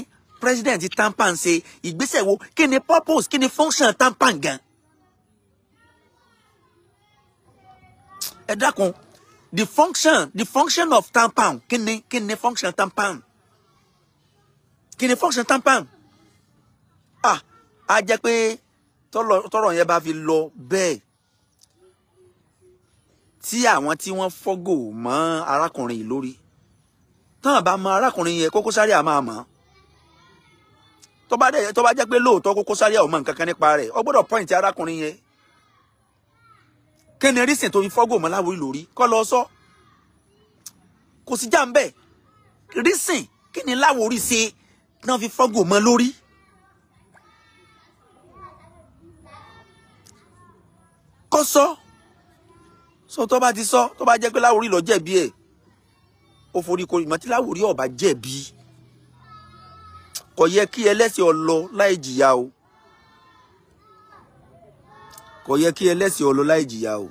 president tampan ṣe ìgbésẹ̀ wo kí ni purpose kí ni function tampan gan. ẹ dákun the function the function of tampan kí ni kí ni function tampan kìnìún function tampan ah a jẹ́ pé tọrọ yẹn bá fi lọ bẹ́ẹ̀ tí àwọn tí wọ́n fọgò mọ́ arákùnrin yìí lórí tán bá mọ arákùnrin yẹn Kókó Zaria máa mọ̀ tó bá dẹ̀ tó bá jẹ́ pé lóòótọ́ Kókó Zaria ò mọ nǹkan kan nípa rẹ̀ ó gbọ́dọ̀ point arákùnrin yẹn kí ni rísìn tó fi fọgò mọ́ láwùrí lórí kó lọ sọ kò sí já ń bẹ rísìn kí ni láwùrí ṣe náà fi fọ́gò mọ́ lórí. kó sọ sọ tó bá ti sọ tó bá jẹ́ pé láwòrí lọ jẹ̀bi ẹ̀ ó forí korí ìmọ̀ tí láwòrí ọ̀bá jẹ̀bi kò yẹ kí ẹlẹ́sìn ọlọ láì jìyà o kò yẹ kí ẹlẹ́sìn ọlọ láì jìyà o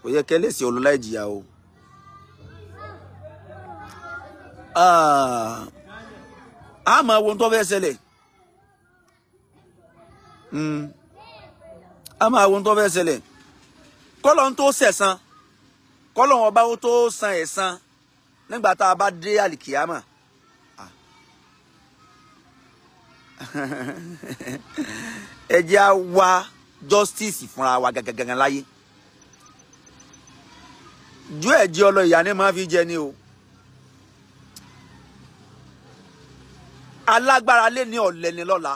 kò yẹ kí ẹlẹ́sìn ọlọ láì jìyà o. Ah, a máa wo ohun tó fẹ́ ṣẹlẹ̀ hmm. a máa wo ohun tó fẹ́ ṣẹlẹ̀ kọ́lọ́n tó sẹ̀san kọ́lọ́n ọba ó tó san ẹ̀san nígbà tá a bá dé àlìkìyàmà. Ah. *laughs* ẹ jẹ́ á wá justice fúnra wa gàgàgàgà láyé ju ẹ̀jẹ̀ ọlọ ìyá ni màá fi jẹ ni o. alágbára lè ní ọ̀lẹ ni lọ́la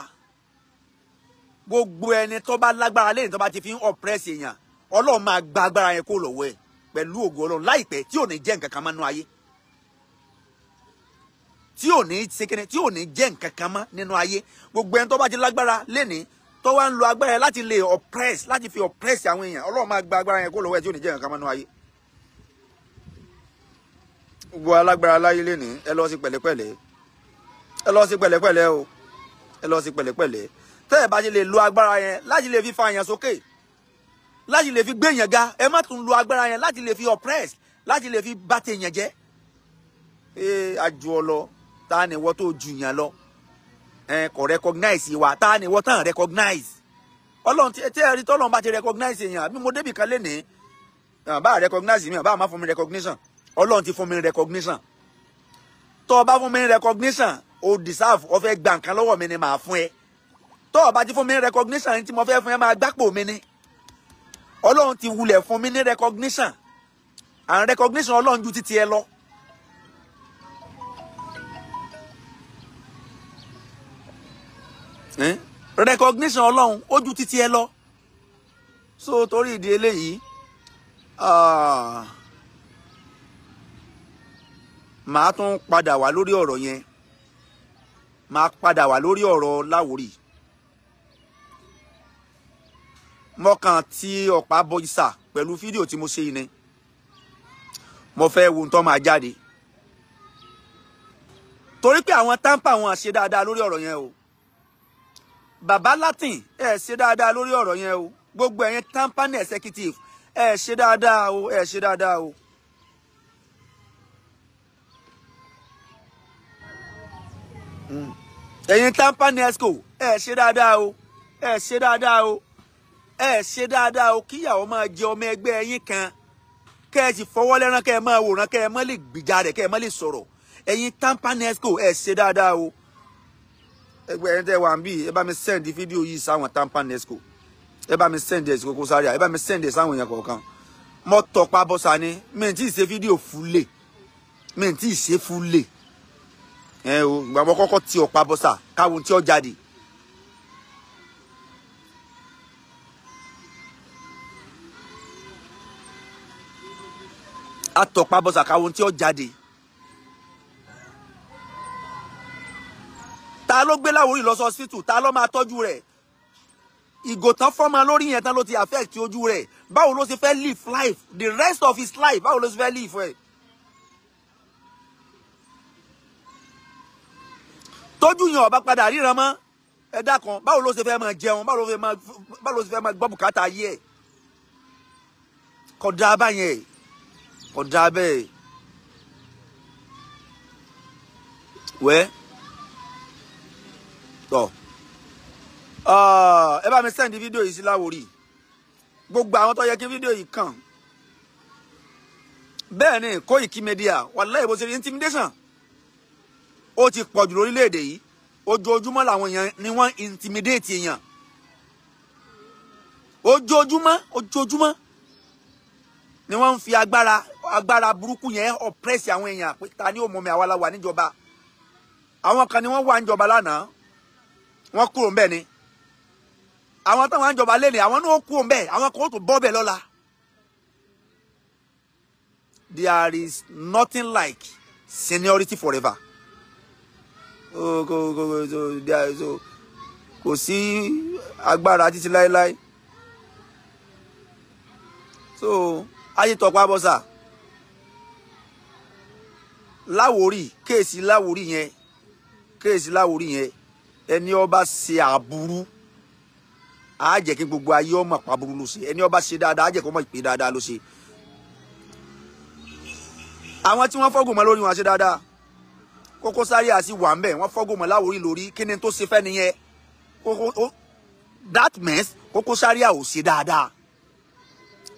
gbogbo ẹni tó bá lágbára lè ní tó bá ti fi ń ọ̀pẹ́rẹ́sì èèyàn ọlọ́run máa gba agbára yẹn kó lọ́wọ́ ẹ̀ pẹ̀lú ògo ọlọ́run láìpẹ́ tí ò ní jẹ́ nǹkan kan mọ́ nínú ayé tí ò ní ṣe kíni tí ò ní jẹ́ nǹkan kan mọ́ nínú ayé gbogbo ẹni tó bá ti lágbára lẹ́ni tó wá ń lo agbára láti lè oppress láti fi oppress àwọn èèyàn ọlọ́run máa gba agbára yẹn kó lọ́wọ́ ẹ̀ tí ò ní jẹ́ nǹkan kan mọ́ nínú ayé. gbogbo alágbára láyé lẹ́ni ẹ lọ sí pẹ̀lẹ́pẹ̀lẹ́ ẹ lọ sí pẹ̀lẹ́pẹ̀lẹ́ o ẹ lọ sí pẹ̀lẹ́pẹ̀lẹ́ tẹ́ ẹ bá ṣe lè lo agbára yẹn láti lè fi fa yẹn sókè láti lè fi gbé yẹn ga ẹ má tún lo agbára yẹn láti lè fi oppress láti lè fi bà tèèyàn jẹ́ ee àjù ọlọ ta ni wọ́n tó jù yẹn lọ ẹ kò recognize wa ta ni wọ́n tán recognize ọlọ́run tí ẹ rí tọ́lọ́run bá ti recognize yẹn àbí mo débì kan lénìí bá recognize mi bá má fún mi recognition ọlọ́run ti fún mi recognition tọ́ ọ bá fún mi recognition o deserve o fẹ́ gba nǹkan lọ́wọ́ mi ni màá fún ẹ tó o ti fún mi ní recognition tí mo fẹ́ fún ẹ máa gbápò mi ni ọlọ́run ti wulẹ̀ fún mi ní recognition and recognition ọlọ́run ju títí ẹ lọ. Eh? recognition ọlọ́run ó ju títí ẹ lọ so torí ìdí eléyìí ah, màá tún padà wá lórí ọ̀rọ̀ yẹn máa padà wá lórí ọ̀rọ̀ Láwórì mọ́kàn tí ọ̀pá bọ́jísà pẹ̀lú fídíò tí mo ṣe yìí ni mo fẹ́ wo nǹkan máa jáde torí pé àwọn táǹpà wọn ṣe dáadáa lórí ọ̀rọ̀ yẹn o bàbá latin ẹ ṣe dáadáa lórí ọ̀rọ̀ yẹn o gbogbo ẹ̀yin tampan executive ẹ ṣe dáadáa o ẹ ṣe dáadáa o. Mm ẹ̀yin tampa nesco ẹ ṣe dáadáa o ẹ ṣe dáadáa o ẹ ṣe dáadáa o kíyàwó máa jẹ ọmọ ẹgbẹ́ ẹ̀yin kan kẹ́ ẹ sì fọwọ́ lẹ́rán kẹ́ ẹ máa wòran kẹ́ ẹ má lè gbìjà rẹ̀ kẹ́ ẹ má lè sọ̀rọ̀ ẹ̀yin tampa nesco ẹ ṣe dáadáa o ẹgbẹ́ ẹ̀yin tẹ́ wà ń bì ẹ bá mi send fídíò yìí sáwọn tampa nesco ẹ bá mi send ẹ sí Koko Zaria ẹ bá mi send ẹ sáwọn èèyàn kọ̀ọ̀kan mo tọpa bọ́sà ni mi n tí ì ṣe fídíò fúlẹ̀ mi n tí ì ṣe fúlẹ̀ ẹ o ìgbà wọn kọ́kọ́ ti ọ̀pá bọ́sà káwọn tí ó jáde. atọ̀pá bọ́sà káwọn tí ó jáde. ta ló gbé láwọn orí lọ sọ síìtù ta ló máa tọ́jú rẹ̀ ìgò tán fọ́mọ lórí yẹn tán ló ti affect ojú rẹ̀ báwo ló ṣe fẹ́ live life the rest of his life báwo ló ṣe fẹ́ live ẹ̀. tójú yẹn ọba padà ríran mọ́ ẹ dákan báwo ló ṣe fẹ́ máa jẹun báwo ló ṣe máa báwo ló ṣe fẹ́ máa gbọ́ bùkátà ayé ẹ̀ kódà báyẹn kódà bẹ́ẹ̀ wẹ́ tọ́ ẹ bá mi sẹ́ndí fídíò yìí sí Láwòrì gbogbo àwọn tó yẹ kí fídíò yìí kàn bẹ́ẹ̀ ni Koiki Media wàláhì bó ṣe rí intimidation. ó ti pọ̀ jù lórílẹ̀‐èdè yìí ojoojúmọ́ làwọn èèyàn ni wọ́n intimidate èèyàn ojoojúmọ́ ojoojúmọ́ ni wọ́n ń fi agbára agbára burúkú yẹn oppress àwọn èèyàn pé ta ni ó mọ̀ mi àwa la wà níjọba àwọn kan ni wọ́n wà níjọba lánàá wọ́n kúrò ń bẹ̀ ni àwọn táwọn àjọba lé ní àwọn náà kúrò ń bẹ̀ àwọn kan ó tún bọ́ bẹ̀ lọ́la there is nothing like seniority forever. kò sí agbára títí láéláé so ayé tọpọ abọ́sà láwórì kéèsì láwórì yẹn kéèsì láwórì yẹn ẹni ọba ṣe àbúrú á jẹ́ kí gbogbo ayé ọmọ pàbúrú ló ṣe ẹni ọba ṣe dáadáa á jẹ́ kí ọmọ ìpè dáadáa ló ṣe àwọn tí wọ́n fọ́gùn mọ́ lórí wọn ṣe dáadáa. Koko Zaria sì wà ńbẹ̀ wọ́n fọ́gùnmọ̀ láwórí lórí kí ni tó ṣe fẹ́ nìyẹn kókó that means Koko Zaria ò ṣe dáadáa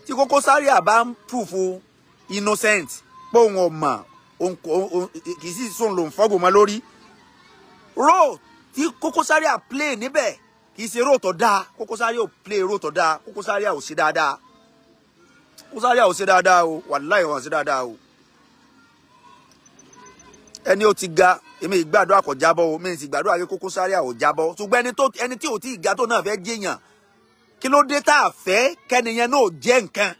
tí Koko Zaria bá ń prove innocent pé òun ọmọ kì í sì sùn lòun fọ́gùnmọ̀ lórí role tí Koko Zaria play níbẹ̀ kì í ṣe role tó dáa Koko Zaria ò play role tó dáa Koko Zaria ò ṣe dáadáa Koko Zaria ò ṣe dáadáa o wàláì wọn ṣe dáadáa o ẹni ó ti ga èmi ìgbàdúrà kò jábọ́ o mi sì gbàdúrà pé Koko Zaria ò jábọ́ ṣùgbọ́n ẹni tó ẹni tí ò tí ì ga tó náà fẹ́ jẹyàn kí ló dé tá a fẹ́ kẹ́niyẹn náà jẹ́ nǹkan.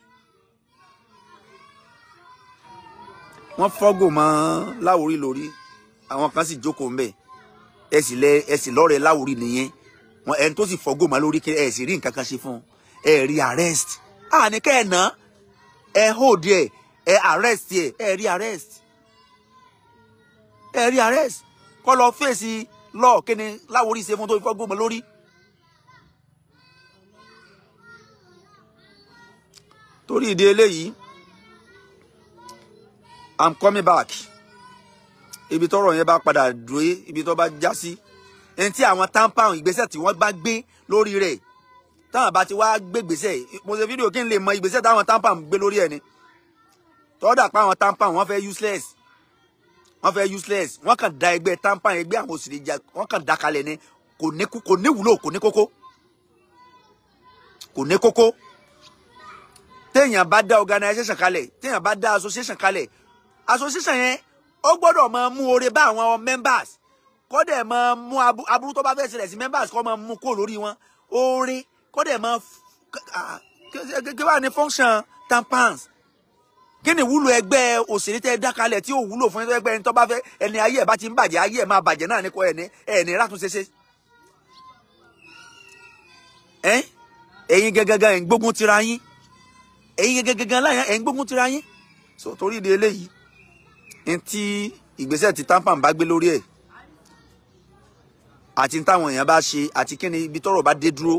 wọ́n fọ́gò mọ́ Láwòrí lórí àwọn kan sì jókòó ńbẹ̀ ẹ sì lẹ ẹ sì lọ́rẹ̀ẹ́ Láwòrí nìyẹn wọn ẹni tó sì fọ́gò mọ́ lórí ẹ sì rí nǹkan kan ṣe fún ẹ rí arrest àníkẹ́ ẹ̀ ná ẹ hold ẹ ẹ arrest ẹ ẹ rí arrest ẹ rí kọ́ lọ fèsì lọ kíni láwórí ṣe fún tó fọ́ gbọ́mọ lórí. torí ìdí eléyìí i'm coming back ibi tọ́rọ̀ yẹn bá padà dúró ibi tó bá já sí ẹni tí àwọn tampan ìgbésẹ̀ tí wọ́n bá gbé lórí rẹ̀ táwọn bá ti wá gbé gbèsè mo fídíò kí n lè mọ ìgbésẹ̀ táwọn tampan gbé lórí ẹ̀ ni tọ́dà pa àwọn tampan wọ́n fẹ́ useless wọ́n fẹ́ useless wọ́n kàn da ẹgbẹ́ tampan ẹgbẹ́ àwọn òsèré jà wọ́n kàn da kalẹ̀ ni kò ní kò ní wúlò kò ní kókó kò ní kókó téèyàn bá dá organisation kalẹ̀ téèyàn bá dá association kalẹ̀ association yẹn ó gbọ́dọ̀ máa mú oore bá àwọn members kọ́dẹ̀ máa mú aburú tó bá fẹ́ ṣẹlẹ̀ sí members kọ́ máa mú kó lórí wọn oore kọ́dẹ̀ máa ah, kí wàá ní function tampons kí ni ìwúlò ẹgbẹ́ òṣèré tẹ́ dákalẹ̀ tí ò wúlò fún ẹgbẹ́ ẹni tó bá fẹ́ ẹni ayé ẹ̀ bá ti ń bàjẹ́ ayé ẹ̀ máa bàjẹ́ náà ní kọ́ ẹni ẹni látúnṣe ṣe. ẹ̀yin gẹ́gẹ́gẹ́ ẹ̀ ń gbógun tira yín ẹ̀yin gẹ́gẹ́gẹ́ láyà ẹ̀ ń gbógun tira yín so torí ìdí eléyìí ní tí ìgbésẹ̀ ti tampan bá gbé lórí ẹ̀ àti táwọn èèyàn bá ṣe àti kí ni ibi tọ́rọ̀ bá dé dúró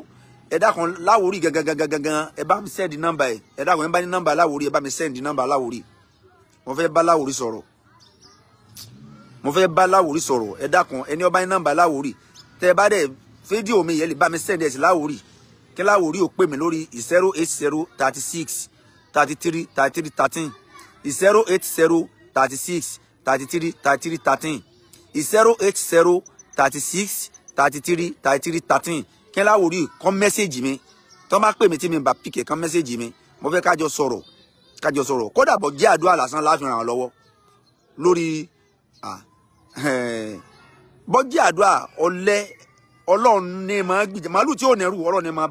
ẹ dákun láwòrí gangan ẹ bá mi sẹ́ndì nọ́mbà ẹ ẹ dákun ẹ bá ní nọ́mbà láwòrí ẹ bá mi send nọ́mbà láwòrí mo fẹ́ bá láwòrí sọ̀rọ̀ mo fẹ́ bá láwòrí sọ̀rọ̀ ẹ dákun ẹni ó bá ní nọ́mbà láwòrí tẹ bá dẹ fídíò mi yẹn lè bá mi send ẹ sí láwòrí kí láwòrí ò pè mí lórí zero eight zero thirty six thirty three thirty three thirteen zero eight zero thirty six thirty three thirty three thirteen zero eight zero thirty six thirty three thirty three thirteen kí n láwòrí kan mẹ́sẹ̀gì mi tó bá pè mí tí mi bá pìkẹ́ kan mẹ́sẹ̀gì mi mo fẹ́ kájọ sọ̀rọ̀ kájọ sọ̀rọ̀ kódà bọ̀ jẹ́ àdúrà lásán láàfin ràn án lọ́wọ́ lórí bọ́ jẹ́ àdúrà ọ̀lẹ́ ọlọ́run ní máa gbìjà màálù tí ò nẹ́rù ọlọ́run ní máa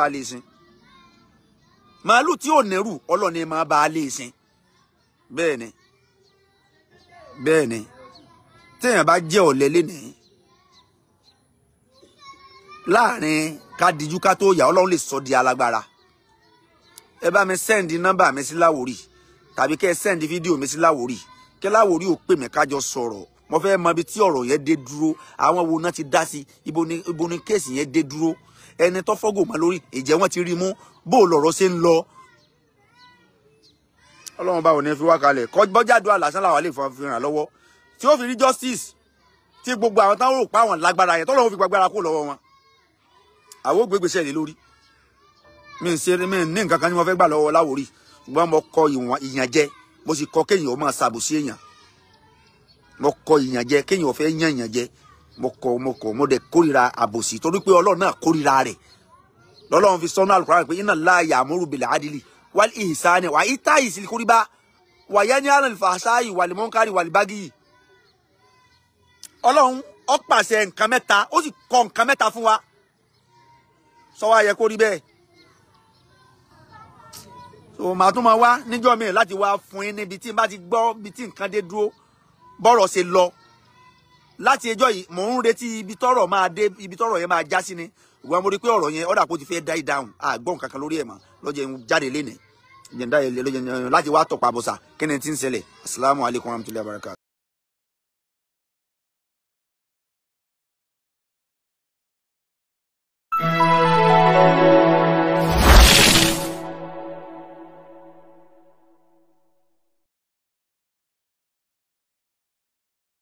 bá lè sin màálù tí ò nẹ́rù ọlọ́run ní máa bá lè sin bẹ́ẹ̀ ni bẹ́ẹ̀ bá jẹ́ ọ̀lẹ́ lénìí láàrin ká dijú ká tó yà ọlọ́run lè sọ di alágbára ẹ bá mi sẹ́ndì nọ́mbà mi sí láwòrì tàbí kẹ́ ẹ sẹ́ndì fídíò mi sí láwòrì kẹ́ láwòrì ò pè mí kájọ sọ̀rọ̀ mo fẹ́ mọ ibi tí ọ̀rọ̀ yẹn dé dúró àwọn wo náà ti dá sí ibo ni ibo ni kéèsì yẹn dé dúró ẹni tó fọ́gò mọ́ lórí ìjẹ́ wọn ti rí mú bó lọ̀rọ̀ ṣe ń lọ. ọlọ́run báwo ni fi wá kalẹ̀ kọjá dùn àlàsán làwọn àwọn ògbégbèsè rè lórí mi ṣe mi ní nǹkan kan ni mo fẹ́ gbà lọ́wọ́ láwòrí ṣùgbọ́n mo kọ ìyànjẹ mo sì kọ kéèyàn ó máa ṣàbòsí èèyàn mo kọ ìyànjẹ kéèyàn ó fẹ́ yàn ìyànjẹ mo kọ mo kọ mo dẹ̀ kórìíra àbòsí torí pé ọlọ́run náà kórìíra rẹ̀ lọ́lọ́run fi sọ́nà àlùkùránì pé iná láàyè àmúrù bìlẹ̀ àdìlì wàl ìhìsáni wà ìta ìsìlì kúrìbá wà yá ní àrùn ìfàṣáyì wà lìmọ́nkárì wà lìbágì yìí ọlọ́run ó pàṣẹ nǹkan mẹ́ta ó sì kọ nǹkan mẹ́ta fún wa So wá yẹ kó rí bẹ́ẹ̀ so màá tún máa wá níjọ́ mi láti wá fún yín níbi tí n bá ti gbọ́ ibi tí nǹkan dé dúró bọ́rọ̀ ṣe lọ láti ẹjọ́ yìí mò ń retí ibi tọ́rọ̀ máa dé ibi tọ́rọ̀ yẹn máa já sí ni ìwà mo rí pé ọ̀rọ̀ yẹn ọ̀dà kó ti fẹ́ dá ìdáhùn àgbọ̀n kankan lórí ẹ̀ mọ́ lọ́jọ́ ìhun jáde lénìí ìjẹ̀ndá láti wá tọ̀pọ̀ àbọ̀sà kí ni ti ń ṣẹlẹ̀ asalaamualeykum wa rahmatulahi wa barakatuh.